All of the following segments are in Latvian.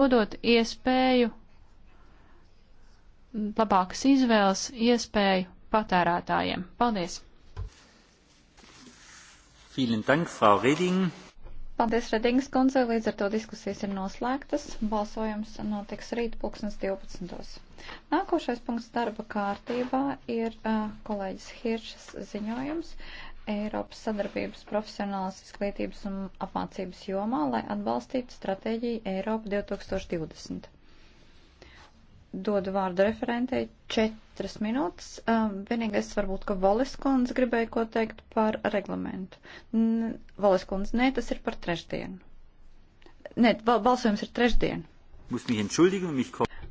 dodot iespēju, labākas izvēles iespēju patērētājiem. Paldies! Dank, Frau Reding. Paldies, Redingas kundze. Līdz ar to diskusijas ir noslēgtas. Balsojums notiks rīt pulkstens 12. Nākošais punkts darba kārtībā ir uh, kolēģis Hiršas ziņojums. Eiropas sadarbības profesionālas izglītības un apmācības jomā, lai atbalstītu stratēģiju Eiropa 2020. Dodu vārdu referentei četras minūtes. Um, vienīgais varbūt, ka Valiskundze gribēja ko teikt par reglamentu. Valiskundze, nē, tas ir par trešdienu. Nē, balsojums ir trešdien.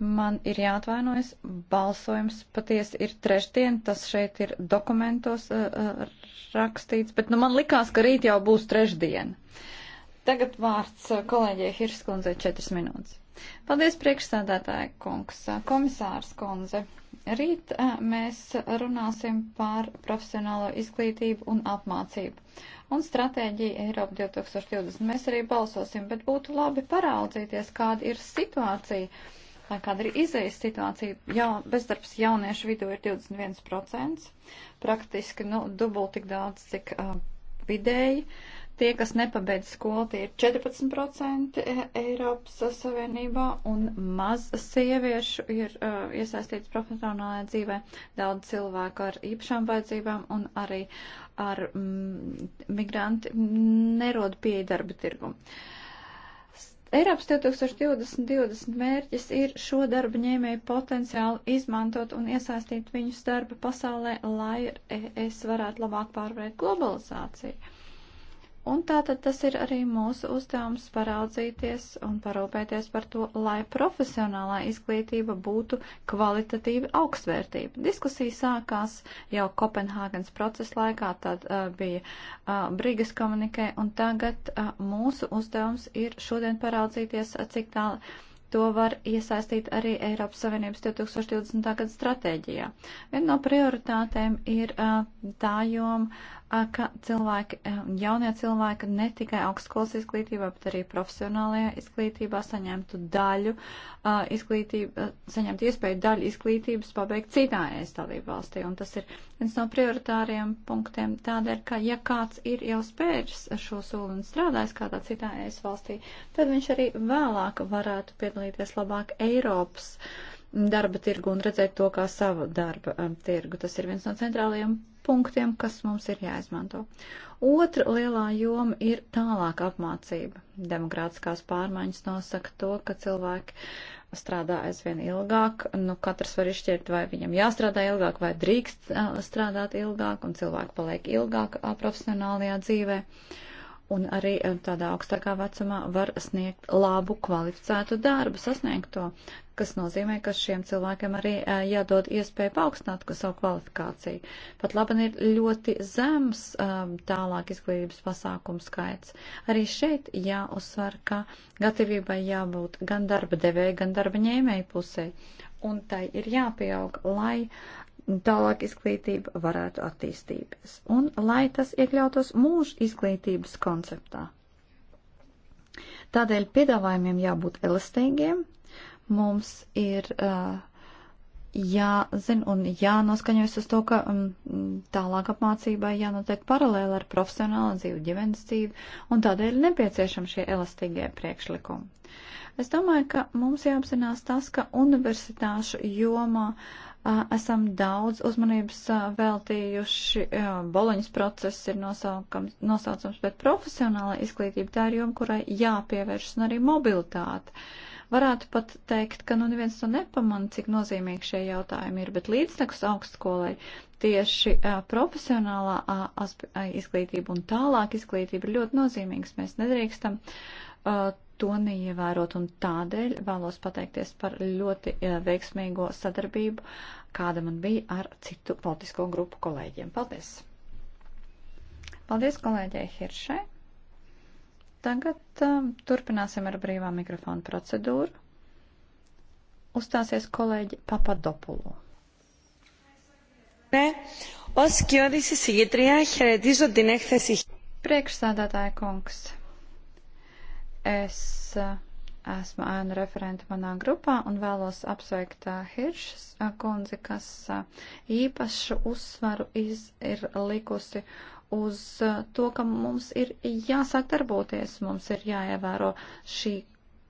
Man ir jāatvainojas, balsojums patiesi ir trešdien, tas šeit ir dokumentos uh, uh, rakstīts, bet nu, man likās, ka rīt jau būs trešdien. Tagad vārds uh, kolēģei Hirskundzei četras minūtes. Paldies, priekšsēdētāja kungs, uh, komisārs kundze. Rīt mēs runāsim par profesionālo izglītību un apmācību. Un stratēģija Eiropa 2020 mēs arī balsosim, bet būtu labi paraudzīties, kāda ir situācija Kāda ir izējas situācija? Jā, bezdarbs jauniešu vidū ir 21%, praktiski nu, dubult tik daudz, cik uh, vidēji. Tie, kas nepabeidz skolu, tie ir 14% Eiropas Savienībā, un maz sieviešu ir uh, iesaistīts profesionālajā dzīvē, daudz cilvēku ar īpašām vajadzībām un arī ar mm, migranti nerod pieeja darba tirgumu. Uh, Eiropas 2020 mērķis ir šo darba ņēmēju potenciālu izmantot un iesaistīt viņus darba pasaulē, lai es varētu labāk pārvarēt globalizāciju. Un tātad tas ir arī mūsu uzdevums paraudzīties un parūpēties par to, lai profesionālā izglītība būtu kvalitatīvi augstvērtība. Diskusija sākās jau Kopenhāgens procesa laikā, tad uh, bija uh, Brigas komunikē, un tagad uh, mūsu uzdevums ir šodien paraudzīties, uh, cik tālu. To var iesaistīt arī Eiropas Savienības 2020. gada stratēģijā. Viena no prioritātēm ir uh, tā joma, ka cilvēki, eh, jaunie cilvēki ne tikai augstskolas izglītībā, bet arī profesionālajā izglītībā saņemtu daļu izglītību, saņemtu iespēju daļu izglītības pabeigt citā ēstalību valstī. Un tas ir viens no prioritāriem punktiem tādēļ, ka ja kāds ir jau spēris šo soli un strādājis kādā citā ēst valstī, tad viņš arī vēlāk varētu piedalīties labāk Eiropas. Uh, darba tirgu un redzēt to kā savu darba um, tirgu. Tas ir viens no centrālajiem punktiem, kas mums ir jāizmanto. Otra lielā joma ir tālāk apmācība. Demokrātiskās pārmaiņas nosaka to, ka cilvēki strādā aizvien ilgāk. Nu, katrs var izšķirt, vai viņam jāstrādā ilgāk, vai drīkst uh, strādāt ilgāk, un cilvēki paliek ilgāk uh, profesionālajā dzīvē. Uh, un arī eh, tādā augstākā vecumā var sniegt labu kvalificētu darbu, sasniegt to, kas nozīmē, ka šiem cilvēkiem arī eh, jādod iespēja paaugstināt savu kvalifikāciju. Pat labi ir ļoti zems eh, tālāk izglītības pasākumu skaits. Arī šeit jāuzsver, ka gatavībai jābūt gan darba devēja, gan darba ņēmēja pusē. Un tai ir jāpieaug, lai tālāk izglītība varētu attīstīties. Un lai tas iekļautos mūža izglītības konceptā. Tādēļ piedāvājumiem jābūt elastīgiem. Mums ir uh, jāzina un jānoskaņojas uz to, ka um, tālāk apmācībai jānotiek paralēli ar profesionālo dzīvi, ģimenes dzīvi, un tādēļ ir nepieciešami šie elastīgie priekšlikumi. Es domāju, ka mums jāapzinās tas, ka universitāšu jomā uh, esam daudz uzmanības uh, veltījuši, uh, boloņas process ir nosaukams, nosaucams, bet profesionāla izglītība tā ir joma, kurai jāpievēršas un arī mobilitāte. Uh, Varētu pat teikt, ka nu neviens to nepamana, cik nozīmīgi šie jautājumi ir, bet līdztekus augstskolai tieši uh, profesionālā uh, izglītība un tālāk izglītība ir ļoti nozīmīgas. Mēs nedrīkstam uh, to neievērot, un tādēļ vēlos pateikties par ļoti veiksmīgo sadarbību, kāda man bija ar citu politisko grupu kolēģiem. Paldies! Paldies kolēģei Hiršai! Tagad um, turpināsim ar brīvā mikrofona procedūru. Uzstāsies kolēģi Papadopoulou. Ναι, ως κοιόδηση συγγετρία χαιρετίζω την έκθεση. Priekšsādātāja kungs, es uh, esmu ēnu referenta manā grupā un vēlos apsveikt uh, Hiršas uh, kundzi, kas īpašu uzsvaru iz, ir likusi uz uh, to, ka mums ir jāsāk darboties, mums ir jāievēro šī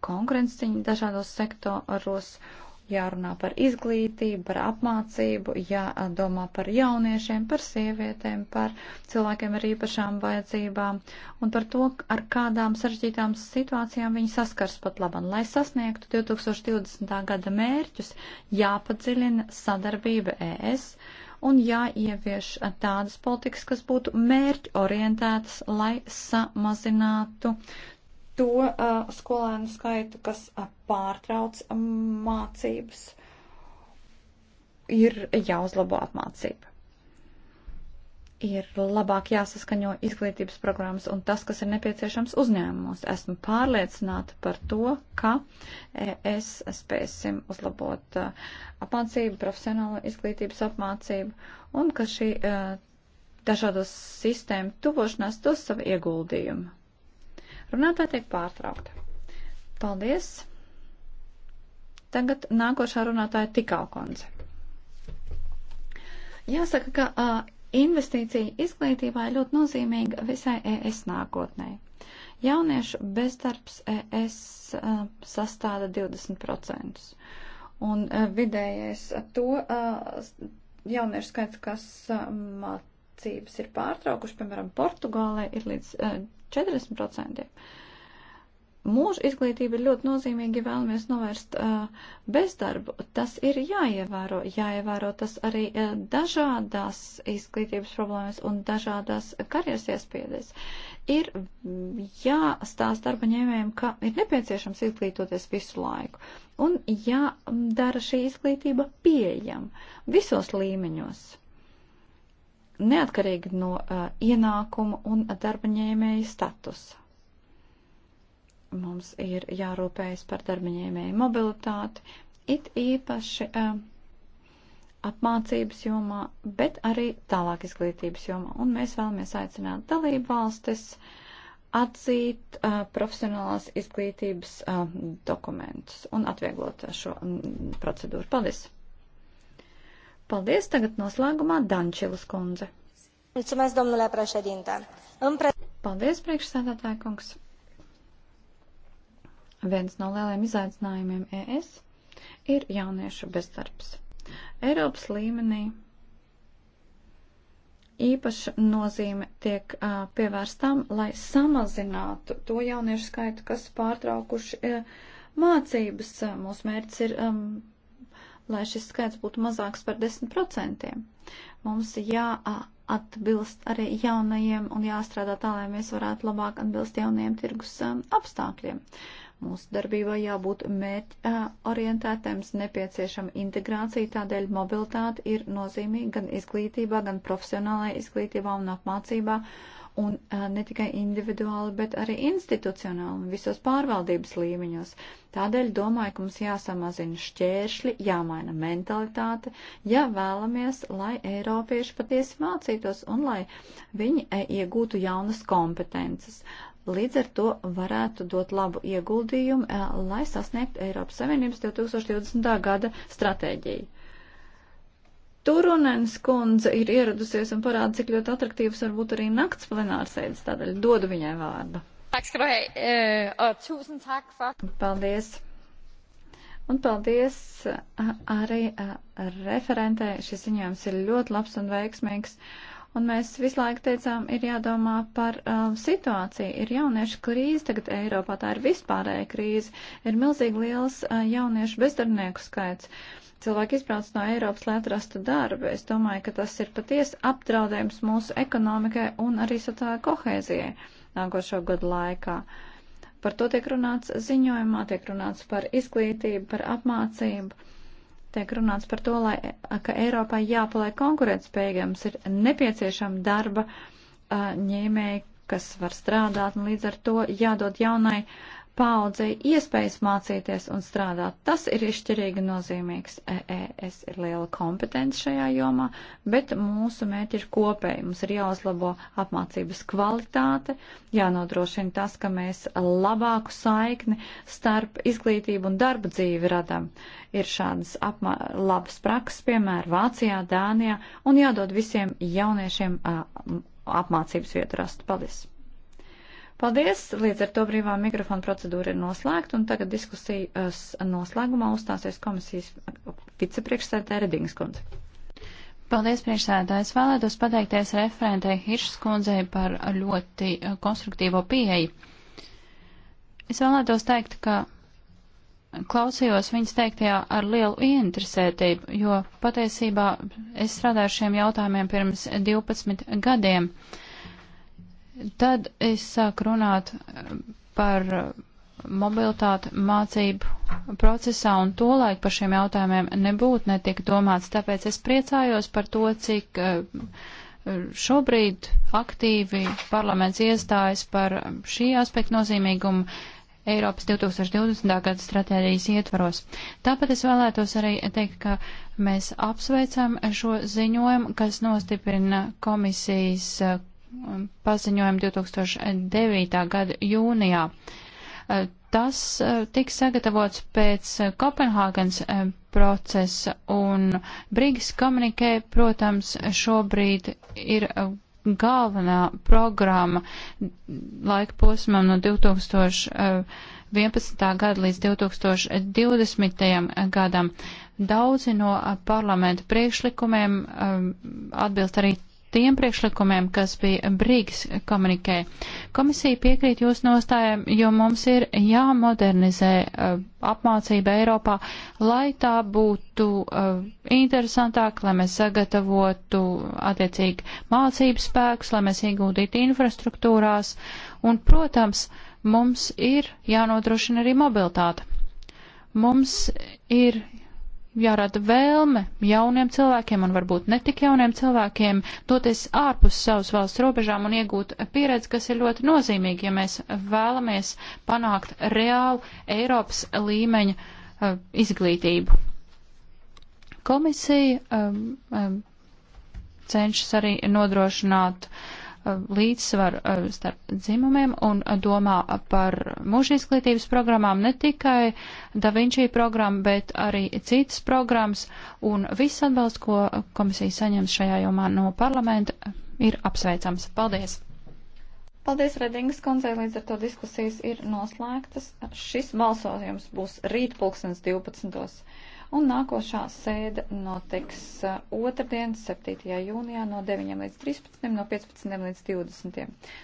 konkurences ciņa dažādos sektoros, jārunā par izglītību, par apmācību, jādomā par jauniešiem, par sievietēm, par cilvēkiem ar īpašām vajadzībām un par to, ar kādām sarežģītām situācijām viņi saskars pat labam. Lai sasniegtu 2020. gada mērķus, jāpadziļina sadarbība ES un jāievieš tādas politikas, kas būtu mērķorientētas, lai samazinātu to uh, skolēnu skaitu, kas uh, pārtrauc mācības. Ir jāuzlabo apmācība ir labāk jāsaskaņo izglītības programmas un tas, kas ir nepieciešams uzņēmumos. Esmu pārliecināta par to, ka es spēsim uzlabot uh, apmācību, profesionālo izglītības apmācību un ka šī uh, dažādos sistēmu tuvošanās dos savu ieguldījumu. Runātāja tiek pārtraukta. Paldies! Tagad nākošā runātāja tikā konce. Jāsaka, ka uh, Investīcija izglītībā ir ļoti nozīmīga visai ES nākotnē. Jauniešu bezdarbs ES sastāda 20%, un vidējais to jauniešu skaits, kas mācības ir pārtraukuši, piemēram, Portugālē, ir līdz 40% mūža izglītība ir ļoti nozīmīga, ja vēlamies novērst uh, bezdarbu. Tas ir jāievēro. Jāievēro tas arī uh, dažādās izglītības problēmas un dažādās karjeras iespējas. Ir jāstāsta darba ņēmējiem, ka ir nepieciešams izglītoties visu laiku. Un jādara šī izglītība pieejama visos līmeņos neatkarīgi no uh, ienākuma un darba ņēmēja statusa. Mums ir jārūpējas par darbaņēmēju mobilitāti, it īpaši uh, apmācības jomā, bet arī tālāk izglītības jomā. Un mēs vēlamies aicināt dalību valstis atzīt uh, profesionālās izglītības uh, dokumentus un atvieglot šo um, procedūru. Paldies! Paldies! Tagad noslēgumā Dančilas kundze. Mulțumesc, domnule președinte. Paldies, priekšsēdētāja kungs. Viens no lielajiem izaicinājumiem ES ir jauniešu bezdarbs. Eiropas līmenī īpaša nozīme tiek uh, pievērstām, lai samazinātu to jauniešu skaitu, kas pārtraukuši uh, mācības. Mūsu mērķis ir, um, lai šis skaits būtu mazāks par 10%. Mums jāatbilst uh, arī jaunajiem un jāstrādā tā, lai mēs varētu labāk atbilst jaunajiem tirgus um, apstākļiem. Uh, Mūsu darbībai jābūt mērķ orientētēm, nepieciešama integrācija, tādēļ mobilitāte ir nozīmīga gan izglītībā, gan profesionālajā izglītībā un apmācībā, un ne tikai individuāli, bet arī institucionāli, visos pārvaldības līmeņos. Tādēļ domāju, ka mums jāsamazina šķēršļi, jāmaina mentalitāte, ja vēlamies, lai eiropieši patiesi mācītos un lai viņi iegūtu jaunas kompetences. Līdz ar to varētu dot labu ieguldījumu, eh, lai sasniegtu Eiropas Savienības 2020. gada stratēģiju. Turunens kundze ir ieradusies un parāda, cik ļoti atraktīvs var būt arī nakts plenārsēdes, tādēļ dodu viņai vārdu. Øh, paldies! Un paldies eh, arī eh, referentē. Šis ziņojums ir ļoti labs un veiksmīgs. Uh, Un mēs visu laiku teicām, ir jādomā par um, situāciju. Ir jauniešu krīze tagad Eiropā, tā ir vispārēja krīze. Ir milzīgi liels uh, jauniešu bezdarbnieku skaits. Cilvēki izbrauc no Eiropas, lai atrastu darbu. Es domāju, ka tas ir patiesi apdraudējums mūsu ekonomikai un arī sociālajai kohēzijai nākošo gadu laikā. Par to tiek runāts ziņojumā, tiek runāts par izglītību, par apmācību tiek runāts par to, lai, ka Eiropai jāpaliek konkurētspējīgai, mums ir nepieciešama darba ņēmēji, kas var strādāt, un līdz ar to jādod jaunai paudzei iespējas mācīties un strādāt. Tas ir izšķirīgi nozīmīgs. EES ir liela kompetence šajā jomā, bet mūsu mērķi ir kopēji. Mums ir jāuzlabo apmācības kvalitāte, jānodrošina tas, ka mēs labāku saikni starp izglītību un darba dzīvi radam. Ir šādas apmā... labas prakses, piemēram, Vācijā, Dānijā, un jādod visiem jauniešiem apmācības vietu rast. Paldies! Paldies! Līdz ar to brīvā mikrofona procedūra ir noslēgta, un tagad diskusijas uh, noslēgumā uzstāsies komisijas vicepriekšsēdētāja Redingas kundze. Paldies, priekšsēdētājs. Vēlētos pateikties referentei Hiršas kundzei par ļoti uh, konstruktīvo pieeju. Es vēlētos teikt, ka klausījos viņas teiktajā ar lielu ieinteresētību, jo patiesībā es strādāju šiem jautājumiem pirms 12 gadiem. Uh, Tad es sāku runāt eh, par eh, mobilitāti mācību procesā un tolaik par šiem jautājumiem nebūtu netika domāts. Tāpēc es priecājos par to, cik eh, šobrīd aktīvi parlaments iestājas par šī aspekta nozīmīgumu Eiropas 2020. gada stratēģijas ietvaros. Tāpat es vēlētos arī teikt, ka mēs apsveicam šo ziņojumu, kas nostiprina komisijas paziņojumu 2009. gada jūnijā. Tas tika sagatavots pēc Kopenhāgens procesa un Brīgas komunikē, protams, šobrīd ir galvenā programma laika posmam no 2011. gada līdz 2020. gadam daudzi no parlamenta priekšlikumiem um, atbilst arī tiem priekšlikumiem, kas bija Brīgs komunikē. Komisija piekrīt jūsu nostājiem, jo mums ir jāmodernizē uh, apmācība Eiropā, lai tā būtu uh, interesantāka, lai mēs sagatavotu uh, attiecīgi mācības spēkus, lai mēs iegūtītu infrastruktūrās. Un, protams, mums ir jānodrošina arī mobilitāte. Mums ir jārada vēlme jauniem cilvēkiem un varbūt ne tik jauniem cilvēkiem doties ārpus savas valsts robežām un iegūt pieredzi, kas ir ļoti nozīmīgi, ja mēs vēlamies panākt reālu Eiropas līmeņa uh, izglītību. Komisija um, um, cenšas arī nodrošināt uh, Uh, līdzsvaru uh, starp dzimumiem un uh, domā par mūža izglītības programmām ne tikai DaVinci programmu, bet arī citas programmas un viss atbalsts, ko komisija saņems šajā jomā no parlamenta, ir apsveicams. Paldies! Paldies, Redingas kundzei, līdz ar to diskusijas ir noslēgtas. Šis balsojums būs rīt pulkstens 12. Un nākošā sēde notiks uh, otrdien, 7. jūnijā no 9 līdz 13, no 15 līdz 20.